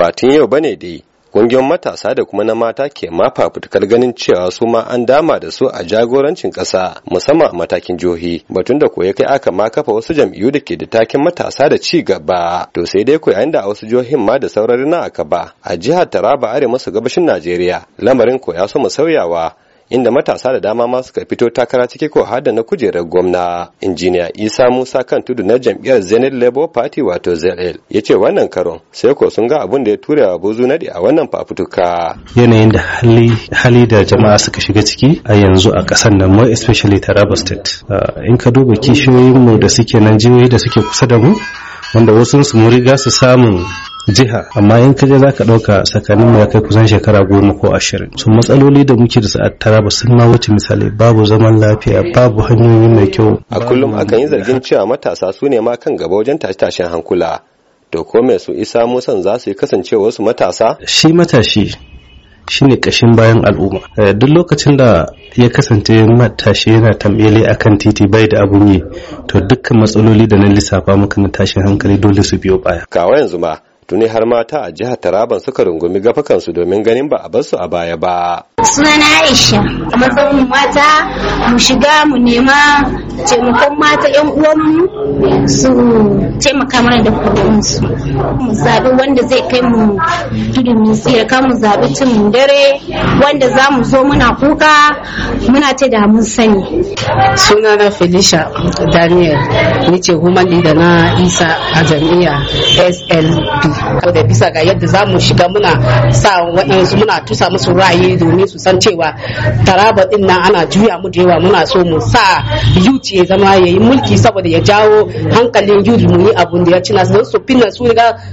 ba tun yau bane dai kungiyoyin matasa da kuma na mata ke ma fafutukar ganin cewa su ma an dama da su a jagorancin ƙasa musamman a matakin jihohi batun da koya kai aka ma kafa wasu jam'iyyu da ke da takin matasa da ci gaba to sai dai koya da a wasu jihohin ma da saurari na aka ba a jihar taraba arewa maso gabashin najeriya lamarin koya so mu sauyawa inda matasa da dama ma suka fito takara ciki ko har da na kujerar gwamna injiniya isa musa kan tudu na jam'iyyar zenith labour party wato zl ya ce wannan karon sai ko sun ga abun da ya ture wa buzu nadi a wannan fafutuka yanayin da hali da jama'a suka shiga ciki a yanzu a kasar nan more especially taraba state ah, in ka duba kishiyoyin mu da suke nan jihohi da suke kusa da mu wanda wasu su mun riga su samun jiha amma in ka je za ka ɗauka tsakanin ya kai kusan shekara goma ko ashirin su matsaloli da muke da su a ba sun ma wuce misali babu zaman lafiya babu hanyoyi mai kyau a kullum akan yi zargin cewa matasa su ne ma kan gaba wajen tashe-tashen hankula to ko mai su isa musan za su yi kasancewa wasu matasa shi matashi shine kashin bayan al'umma eh, duk lokacin da ya kasance matashi yana tambele akan titi bai da abun yi to dukkan matsaloli da na lissafa maka na tashin hankali dole su biyo baya kawo yanzu ma tuni har mata a jihar Taraban suka rungumi gafakansu domin ganin ba a bar su a baya ba. Sunana Aisha, a matsayin mata mu shiga mu nema taimakon mata yan uwanmu su taimaka mana da kudinsu mu zaɓi wanda zai kai mu tudun nisira ka mu zaɓi cin dare wanda za mu zo muna kuka muna ta da mun sani sunana felicia daniel ni ce human leader na isa a jam'i'a slp da bisa ga yadda za mu shiga muna sa waɗansu muna tusa musu ra'ayi domin su san cewa taraba ɗin nan ana juya mu da yawa muna so mu sa youth gwamnati ya zama ya yi mulki saboda ya jawo hankalin yuji mu yi abun da ya ci nasu don su fina su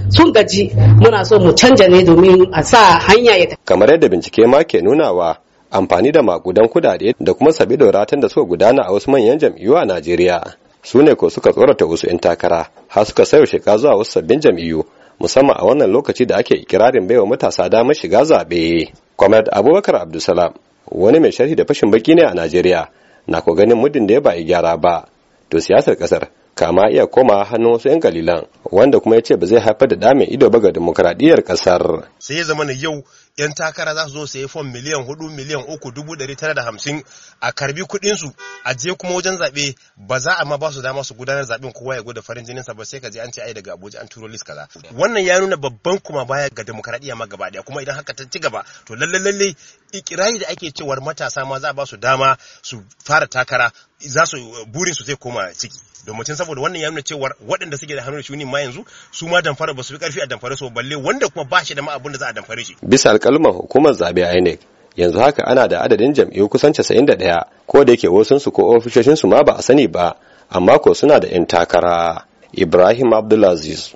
sun gaji muna so mu canja ne domin a sa hanya ya tafi. kamar yadda bincike ma ke nunawa amfani da makudan kudade da kuma sabi ratan da suka gudana a wasu manyan jam'iyyu a Najeriya su ne ko suka tsorata wasu 'yan takara har suka sayo sheka zuwa wasu sabbin jam'iyyu musamman a wannan lokaci da ake ikirarin baiwa matasa damar shiga zaɓe. Comrade Abubakar Abdulsalam wani mai sharhi da fashin baki ne a Najeriya na ko ganin muddin da ya ba gyara ba to siyasar kasar kama iya koma hannun wasu 'yan galilan wanda kuma ya ce ba zai haifar da dame ido ba ga demokradiyyar kasar. sai ya zama yau 'yan takara za su zo sayi fom miliyan hudu miliyan uku dubu tara da hamsin a karbi kuɗinsu a je kuma wajen zaɓe ba za a ma ba su dama su gudanar zaɓen kowa ya gwada farin jininsa ba sai ka je an ce ai daga abuja an turo list kaza wannan ya nuna babban kuma baya ga demokradiyya ma gaba ɗaya kuma idan haka ta ci gaba to lalle lalle ikirari da ake cewar matasa ma za a ba su dama su fara takara za su burin su zai koma ciki domin saboda wannan ya nuna cewa waɗanda suke da hannun da shuni ma yanzu su ma damfara ba su fi karfi a damfare su balle wanda kuma ba shi da ma da za a damfare shi bisa alƙalman hukumar zabe INEC yanzu haka ana da adadin jam'iyyu kusan 91 ko da yake wasun su ko ofishoshin su ma ba a sani ba amma ko suna da 'yan takara Ibrahim Abdulaziz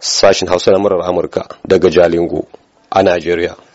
sashin Hausa na murar Amurka daga Jalingo a Najeriya